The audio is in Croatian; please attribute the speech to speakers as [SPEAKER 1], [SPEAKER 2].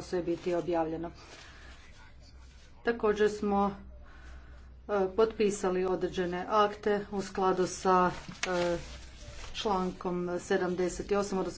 [SPEAKER 1] sve biti objavljeno. Također smo e, potpisali određene akte u skladu sa e,
[SPEAKER 2] člankom 78.